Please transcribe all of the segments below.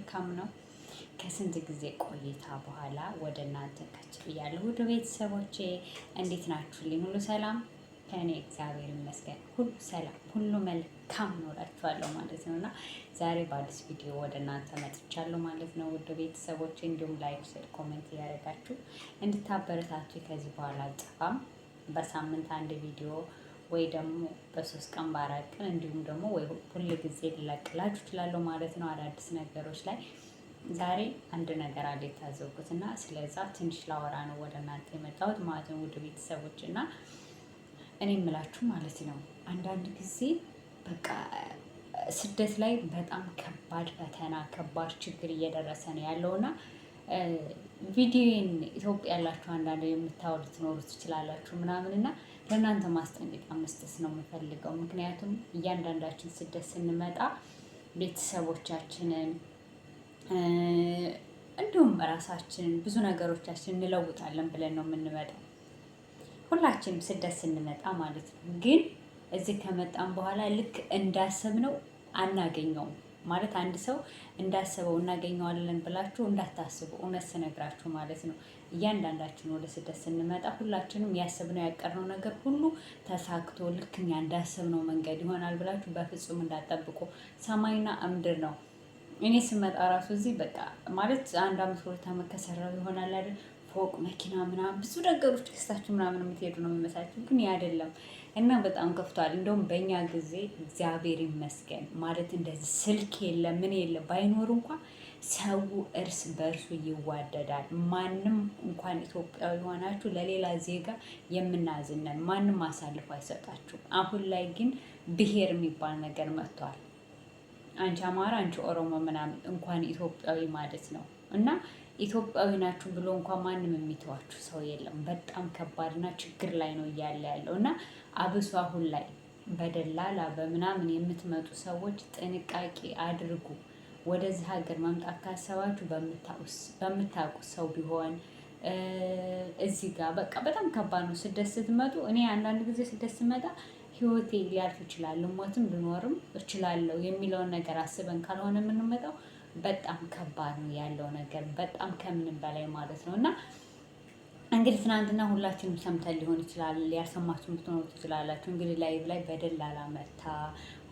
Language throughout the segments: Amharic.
መልካም ነው። ከስንት ጊዜ ቆይታ በኋላ ወደ እናንተ ከች ብያለሁ። ወደ ቤተሰቦቼ እንዴት ናችሁልኝ? ሁሉ ሰላም ከእኔ እግዚአብሔር ይመስገን ሁሉ ሰላም፣ ሁሉ መልካም ኖራችኋለሁ ማለት ነው። እና ዛሬ በአዲስ ቪዲዮ ወደ እናንተ መጥቻለሁ ማለት ነው። ውድ ቤተሰቦቼ እንዲሁም ላይክ፣ ሼር፣ ኮሜንት እያደረጋችሁ እንድታበረታችሁ ከዚህ በኋላ አልጠፋም። በሳምንት አንድ ቪዲዮ ወይ ደግሞ በሶስት ቀን በአራት ቀን እንዲሁም ደግሞ ወይ ሁል ጊዜ ልለቅላችሁ እችላለሁ ማለት ነው። አዳዲስ ነገሮች ላይ ዛሬ አንድ ነገር አለ የታዘብኩት እና ስለዛ ትንሽ ላወራ ነው ወደ እናንተ የመጣሁት ማለት ነው። ውድ ቤተሰቦች እና እኔ የምላችሁ ማለት ነው አንዳንድ ጊዜ በቃ ስደት ላይ በጣም ከባድ ፈተና ከባድ ችግር እየደረሰ ነው ያለው እና ቪዲዮን ኢትዮጵያ ያላችሁ አንዳንድ የምታወሩ ትኖሩ ትችላላችሁ ምናምን እና ለእናንተ ማስጠንቀቂያ መስጠት ነው የምፈልገው። ምክንያቱም እያንዳንዳችን ስደት ስንመጣ ቤተሰቦቻችንን እንዲሁም ራሳችንን ብዙ ነገሮቻችን እንለውጣለን ብለን ነው የምንመጣው። ሁላችንም ስደት ስንመጣ ማለት ነው። ግን እዚህ ከመጣም በኋላ ልክ እንዳሰብነው አናገኘውም ማለት አንድ ሰው እንዳሰበው እናገኘዋለን ብላችሁ እንዳታስቡ፣ እውነት ስነግራችሁ ማለት ነው። እያንዳንዳችን ወደ ስደት ስንመጣ ሁላችንም ያሰብነው ያቀርነው ነገር ሁሉ ተሳክቶ ልክ እኛ እንዳሰብነው መንገድ ይሆናል ብላችሁ በፍጹም እንዳጠብቁ። ሰማይና እምድር ነው። እኔ ስመጣ ራሱ እዚህ በቃ ማለት አንድ አምስት ሁለት አመት ከሰራው ይሆናል አይደል ፎቅ መኪና ምናምን ብዙ ነገሮች ክስታችሁ ምናምን የምትሄዱ ነው የሚመስላችሁ፣ ግን አይደለም። እና በጣም ከፍቷል። እንደውም በእኛ ጊዜ እግዚአብሔር ይመስገን ማለት እንደዚህ ስልክ የለ ምን የለ ባይኖር እንኳን ሰው እርስ በእርሱ ይዋደዳል። ማንም እንኳን ኢትዮጵያዊ ሆናችሁ ለሌላ ዜጋ የምናዝነን ማንም አሳልፎ አይሰጣችሁም። አሁን ላይ ግን ብሄር የሚባል ነገር መጥቷል። አንቺ አማራ፣ አንቺ ኦሮሞ ምናምን እንኳን ኢትዮጵያዊ ማለት ነው እና ኢትዮጵያዊ ናችሁ ብሎ እንኳን ማንም የሚተዋችሁ ሰው የለም። በጣም ከባድና ችግር ላይ ነው እያለ ያለው እና አብሶ አሁን ላይ በደላላ በምናምን የምትመጡ ሰዎች ጥንቃቄ አድርጉ። ወደዚህ ሀገር መምጣት ካሰባችሁ በምታውቁት ሰው ቢሆን እዚህ ጋር በቃ በጣም ከባድ ነው። ስደት ስትመጡ እኔ አንዳንድ ጊዜ ስደት ስመጣ ህይወቴ ሊያልፍ ይችላል፣ ሞትም ልኖርም እችላለሁ የሚለውን ነገር አስበን ካልሆነ የምንመጣው በጣም ከባድ ነው ያለው ነገር በጣም ከምንም በላይ ማለት ነው እና እንግዲህ ትናንትና ሁላችንም ሰምተን ሊሆን ይችላል፣ ያልሰማችሁ ምትኖሩ ትችላላችሁ። እንግዲህ ላይቭ ላይ በደላላ መታ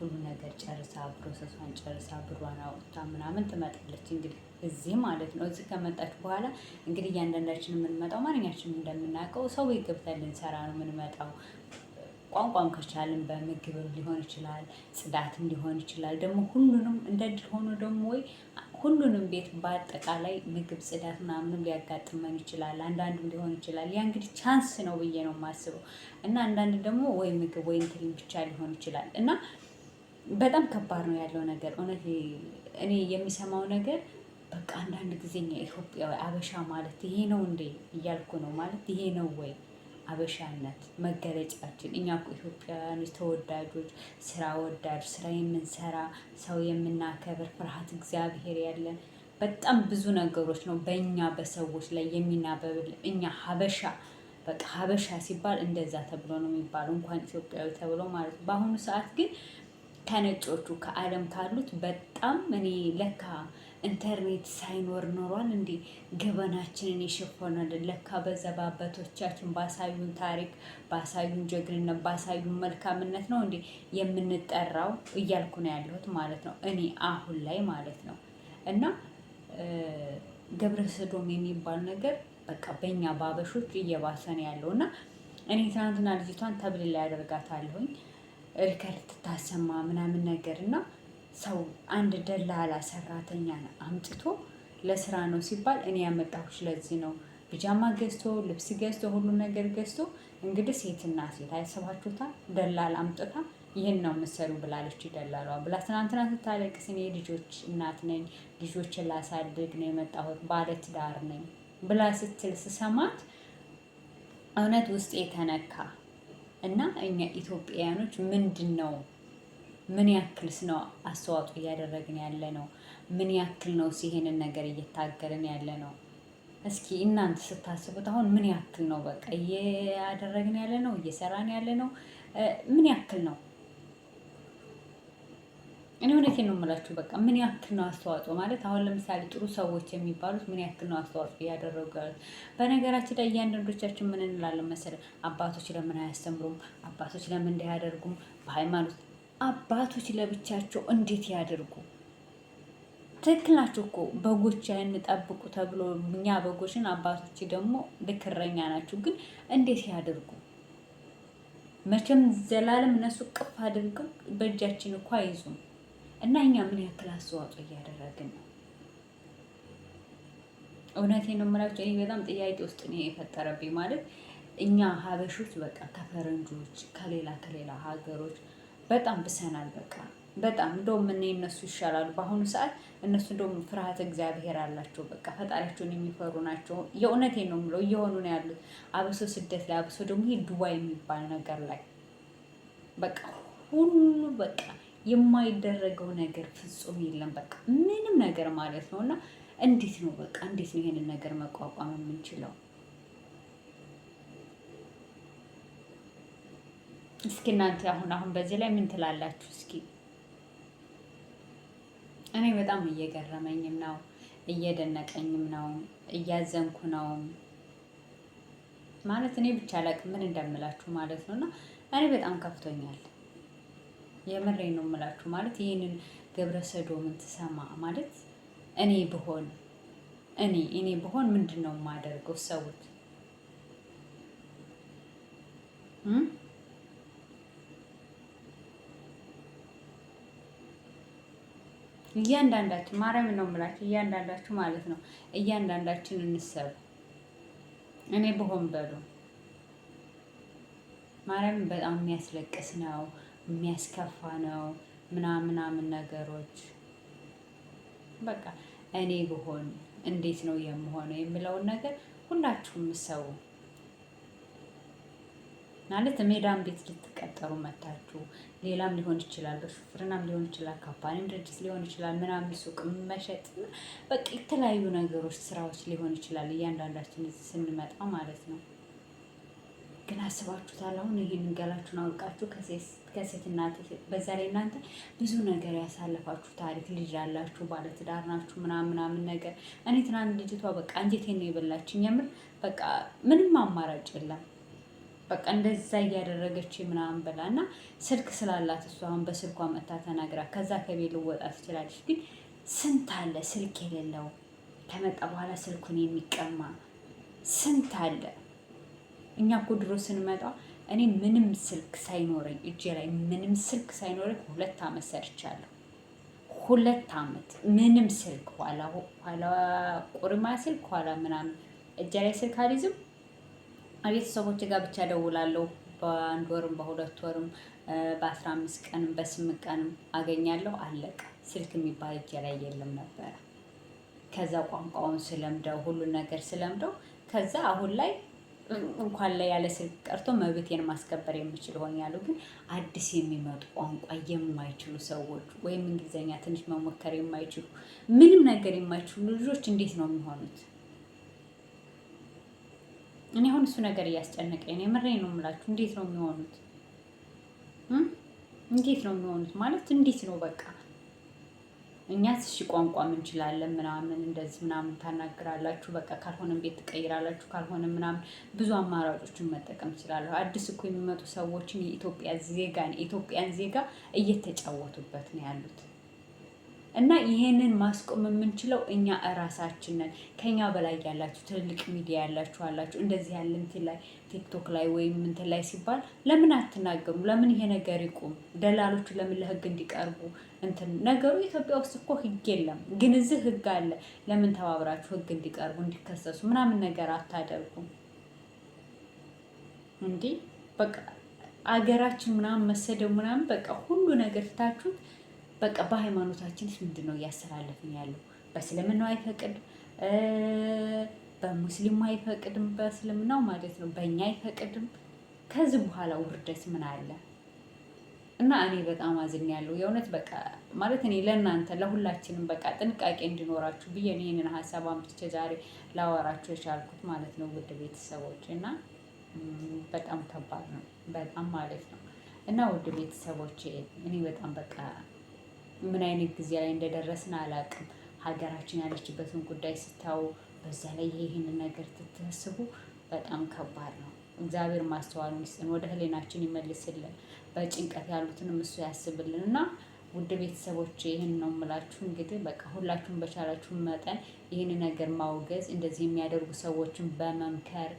ሁሉ ነገር ጨርሳ ፕሮሰሷን ጨርሳ ብሯን አውጥታ ምናምን ትመጣለች። እንግዲህ እዚህ ማለት ነው። እዚህ ከመጣች በኋላ እንግዲህ እያንዳንዳችን የምንመጣው ማንኛችን እንደምናውቀው ሰው ገብተን ልንሰራ ነው የምንመጣው። ቋንቋም ከቻልን በምግብም ሊሆን ይችላል፣ ጽዳትም ሊሆን ይችላል። ደግሞ ሁሉንም እንደድል ሆኖ ደግሞ ወይ ሁሉንም ቤት በአጠቃላይ ምግብ፣ ጽዳት ምናምንም ሊያጋጥመን ይችላል። አንዳንዱ ሊሆን ይችላል። ያ እንግዲህ ቻንስ ነው ብዬ ነው የማስበው እና አንዳንድ ደግሞ ወይ ምግብ ወይ እንትን ብቻ ሊሆን ይችላል እና በጣም ከባድ ነው ያለው ነገር እውነት እኔ የሚሰማው ነገር በቃ አንዳንድ ጊዜኛ ኢትዮጵያ አበሻ ማለት ይሄ ነው እንዴ እያልኩ ነው ማለት ይሄ ነው ወይ አበሻነት መገለጫችን። እኛ እኮ ኢትዮጵያውያኖች ተወዳጆች፣ ስራ ወዳድ፣ ስራ የምንሰራ ሰው የምናከብር፣ ፍርሃት እግዚአብሔር ያለን በጣም ብዙ ነገሮች ነው በእኛ በሰዎች ላይ የሚናበብል። እኛ ሀበሻ በቃ ሀበሻ ሲባል እንደዛ ተብሎ ነው የሚባለው፣ እንኳን ኢትዮጵያዊ ተብሎ ማለት ነው። በአሁኑ ሰዓት ግን ከነጮቹ ከዓለም ካሉት በጣም እኔ ለካ ኢንተርኔት ሳይኖር ኖሯል እንዴ? ገበናችንን የሸፈነል ለካ በዛ ባሳዩን ታሪክ ባሳዩን ጀግንነት ባሳዩን መልካምነት ነው እንዴ የምንጠራው እያልኩ ነው ያለሁት ማለት ነው እኔ አሁን ላይ ማለት ነው። እና ገብረ ሰዶም የሚባል ነገር በቃ በእኛ ባበሾች እየባሰ ነው ያለው እና እኔ ትናንትና ልጅቷን ተብል ላይ ያደርጋታለሁኝ እልከ ልትታሰማ ምናምን ነገር እና ሰው አንድ ደላላ ሰራተኛን አምጥቶ ለስራ ነው ሲባል እኔ ያመጣሁሽ ለዚህ ነው ብጃማ ገዝቶ ልብስ ገዝቶ ሁሉ ነገር ገዝቶ እንግዲህ ሴትና ሴት አይሰባችሁታል። ደላላ አምጥታ ይህን ነው የምትሰሩ ብላለች ደላሏ ብላ ትናንትና ስታለቅስ፣ እኔ ልጆች እናት ነኝ ልጆችን ላሳድግ ነው የመጣሁት ባለትዳር ነኝ ብላ ስትል ስሰማት እውነት ውስጥ የተነካ እና እኛ ኢትዮጵያውያኖች ምንድን ነው ምን ያክልስ ነው አስተዋጽኦ እያደረግን ያለ ነው? ምን ያክል ነው ይሄንን ነገር እየታገልን ያለ ነው? እስኪ እናንተ ስታስቡት አሁን ምን ያክል ነው በቃ እያደረግን ያለ ነው እየሰራን ያለ ነው? ምን ያክል ነው? እኔ እውነቴን ነው የምላችሁ። በቃ ምን ያክል ነው አስተዋጽኦ ማለት አሁን ለምሳሌ ጥሩ ሰዎች የሚባሉት ምን ያክል ነው አስተዋጽኦ እያደረጉ ያሉት? በነገራችን ላይ እያንዳንዶቻችን ምን እንላለን መሰለ፣ አባቶች ለምን አያስተምሩም? አባቶች ለምን እንዳያደርጉም አያደርጉም? በሃይማኖት አባቶች ለብቻቸው እንዴት ያደርጉ? ትክክል ናቸው እኮ በጎች እንጠብቁ ተብሎ እኛ በጎችን፣ አባቶች ደግሞ ልክረኛ ናቸው። ግን እንዴት ያደርጉ? መቼም ዘላለም እነሱ ቅፍ አድርገው በእጃችን እኮ አይዙም። እና እኛ ምን ያክል አስተዋጽኦ እያደረግን ነው? እውነቴ ነው የምላቸው። ይህ በጣም ጥያቄ ውስጥ ነው የፈጠረብኝ። ማለት እኛ ሀበሾች በቃ ከፈረንጆች ከሌላ ከሌላ ሀገሮች በጣም ብሰናል። በቃ በጣም እንደውም እኔ እነሱ ይሻላሉ። በአሁኑ ሰዓት እነሱ እንደውም ፍርሃት እግዚአብሔር አላቸው። በቃ ፈጣሪያቸውን የሚፈሩ ናቸው። የእውነቴ ነው የምለው እየሆኑ ነው ያሉት። አብሶ ስደት ላይ አብሶ ደግሞ ይሄ ዱባይ የሚባል ነገር ላይ በቃ ሁሉ በቃ የማይደረገው ነገር ፍጹም የለም። በቃ ምንም ነገር ማለት ነው እና እንዴት ነው በቃ እንዴት ነው ይሄንን ነገር መቋቋም የምንችለው? እስኪ እናንተ አሁን አሁን በዚህ ላይ ምን ትላላችሁ? እስኪ እኔ በጣም እየገረመኝም ነው እየደነቀኝም ነው እያዘንኩ ነው ማለት እኔ ብቻ አላቅም ምን እንደምላችሁ ማለት ነው። እና እኔ በጣም ከፍቶኛል። የምሬ ነው የምላችሁ ማለት ይህንን ግብረ ሰዶምን ትሰማ ማለት እኔ ብሆን እኔ እኔ ብሆን ምንድን ነው የማደርገው? ሰውት እያንዳንዳችን ማርያም ነው የምላችሁ፣ እያንዳንዳችሁ ማለት ነው። እያንዳንዳችን እንሰብ እኔ ብሆን በሉ ማርያም በጣም የሚያስለቅስ ነው፣ የሚያስከፋ ነው ምናምናምን ነገሮች በቃ እኔ ብሆን እንዴት ነው የምሆነው የሚለውን ነገር ሁላችሁም ሰው ማለት ሜዳም ቤት ልትቀጠሩ መታችሁ ሌላም ሊሆን ይችላል፣ በሹፍርናም ሊሆን ይችላል፣ ካምፓኒም ድርጅት ሊሆን ይችላል፣ ምናምን ሱቅ መሸጥ በቃ የተለያዩ ነገሮች ስራዎች ሊሆን ይችላል። እያንዳንዳችን ስንመጣ ማለት ነው። ግን አስባችሁታል? አሁን ይህን ገላችሁን አውልቃችሁ ከሴትና በዛ ላይ እናንተ ብዙ ነገር ያሳለፋችሁ ታሪክ ልጅ ያላችሁ ባለትዳር ናችሁ ምናምን ምናምን ነገር እኔ ትናንት ልጅቷ በቃ እንጀቴን ነው የበላችኝ። የምር በቃ ምንም አማራጭ የለም። በቃ እንደዛ እያደረገች ምናምን ብላ እና ስልክ ስላላት እሷ አሁን በስልኳ መታ ተናግራ ከዛ ከቤት ልወጣ ትችላለች። ግን ስንት አለ ስልክ የሌለው ከመጣ በኋላ ስልኩን የሚቀማ ስንት አለ። እኛ እኮ ድሮ ስንመጣ እኔ ምንም ስልክ ሳይኖረኝ እጄ ላይ ምንም ስልክ ሳይኖረኝ ሁለት ዓመት ሰርቻለሁ። ሁለት ዓመት ምንም ስልክ ኋላ ኋላ ቁርማ ስልክ ኋላ ምናምን እጄ ላይ ስልክ አልይዝም። ቤተሰቦች ጋር ብቻ ደውላለሁ። በአንድ ወርም በሁለት ወርም በአስራ አምስት ቀንም በስምንት ቀንም አገኛለሁ። አለቀ። ስልክ የሚባል እጄ ላይ የለም ነበረ። ከዛ ቋንቋውን ስለምደው ሁሉን ነገር ስለምደው ከዛ አሁን ላይ እንኳን ላይ ያለ ስልክ ቀርቶ መብቴን ማስከበር የምችል ያሉ ግን አዲስ የሚመጡ ቋንቋ የማይችሉ ሰዎች ወይም እንግሊዝኛ ትንሽ መሞከር የማይችሉ ምንም ነገር የማይችሉ ልጆች እንዴት ነው የሚሆኑት? እኔ አሁን እሱ ነገር እያስጨነቀኝ ነው። የምሬ ነው የምላችሁ። እንዴት ነው የሚሆኑት? እንዴት ነው የሚሆኑት ማለት እንዴት ነው በቃ እኛ እሺ ቋንቋም እንችላለን ምናምን እንደዚህ ምናምን ታናግራላችሁ፣ በቃ ካልሆነም ቤት ትቀይራላችሁ፣ ካልሆነም ምናምን ብዙ አማራጮችን መጠቀም ትችላለሁ። አዲስ እኮ የሚመጡ ሰዎችን የኢትዮጵያ ዜጋን የኢትዮጵያን ዜጋ እየተጫወቱበት ነው ያሉት። እና ይሄንን ማስቆም የምንችለው እኛ እራሳችን ነን። ከኛ በላይ ያላችሁ ትልልቅ ሚዲያ ያላችሁ አላችሁ። እንደዚህ ያለ እንትን ላይ ቲክቶክ ላይ ወይም እንትን ላይ ሲባል ለምን አትናገሩ? ለምን ይሄ ነገር ይቁም? ደላሎቹ ለምን ለህግ እንዲቀርቡ እንትን ነገሩ ኢትዮጵያ ውስጥ እኮ ህግ የለም፣ ግን እዚህ ህግ አለ። ለምን ተባብራችሁ ህግ እንዲቀርቡ እንዲከሰሱ ምናምን ነገር አታደርጉም? እንዲህ በቃ አገራችን ምናምን መሰደው ምናምን በቃ ሁሉ ነገር ትታችሁት በቃ በሃይማኖታችንስ ምንድን ነው እያስተላለፍን ያለው? በእስልምናው አይፈቅድ፣ በሙስሊሙ አይፈቅድም፣ በእስልምናው ማለት ነው፣ በእኛ አይፈቅድም። ከዚህ በኋላ ውርደት ምን አለ? እና እኔ በጣም ያለው የእውነት በቃ ማለት እኔ ለእናንተ ለሁላችንም በቃ ጥንቃቄ እንዲኖራችሁ ብዬ ይህንን ሀሳብ አምጥቼ ዛሬ ላወራችሁ የቻልኩት ማለት ነው ውድ ቤተሰቦች እና በጣም ከባድ ነው በጣም ማለት ነው እና ውድ ቤተሰቦች እኔ በጣም በቃ ምን አይነት ጊዜ ላይ እንደደረስን አላውቅም። ሀገራችን ያለችበትን ጉዳይ ስታዩ በዛ ላይ ይህን ነገር ስታስቡ በጣም ከባድ ነው። እግዚአብሔር ማስተዋሉን ይስጠን፣ ወደ ህሊናችን ይመልስልን፣ በጭንቀት ያሉትንም እሱ ያስብልን እና ውድ ቤተሰቦች ይህን ነው የምላችሁ። እንግዲህ በቃ ሁላችሁም በቻላችሁ መጠን ይህን ነገር ማውገዝ፣ እንደዚህ የሚያደርጉ ሰዎችን በመምከር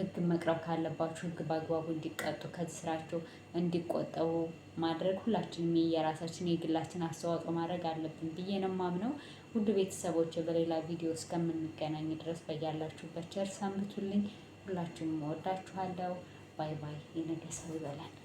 ህግ መቅረብ ካለባችሁ ህግ በአግባቡ እንዲቀጡ ስራቸው እንዲቆጠቡ ማድረግ ሁላችንም የየራሳችን የግላችን አስተዋጽኦ ማድረግ አለብን ብዬ ነው የማምነው። ውድ ቤተሰቦች በሌላ ቪዲዮ እስከምንገናኝ ድረስ በያላችሁበት ቸር ሰንብቱልኝ። ወዳችኋለው እወዳችኋለሁ። ባይ ባይ። የነገ ሰው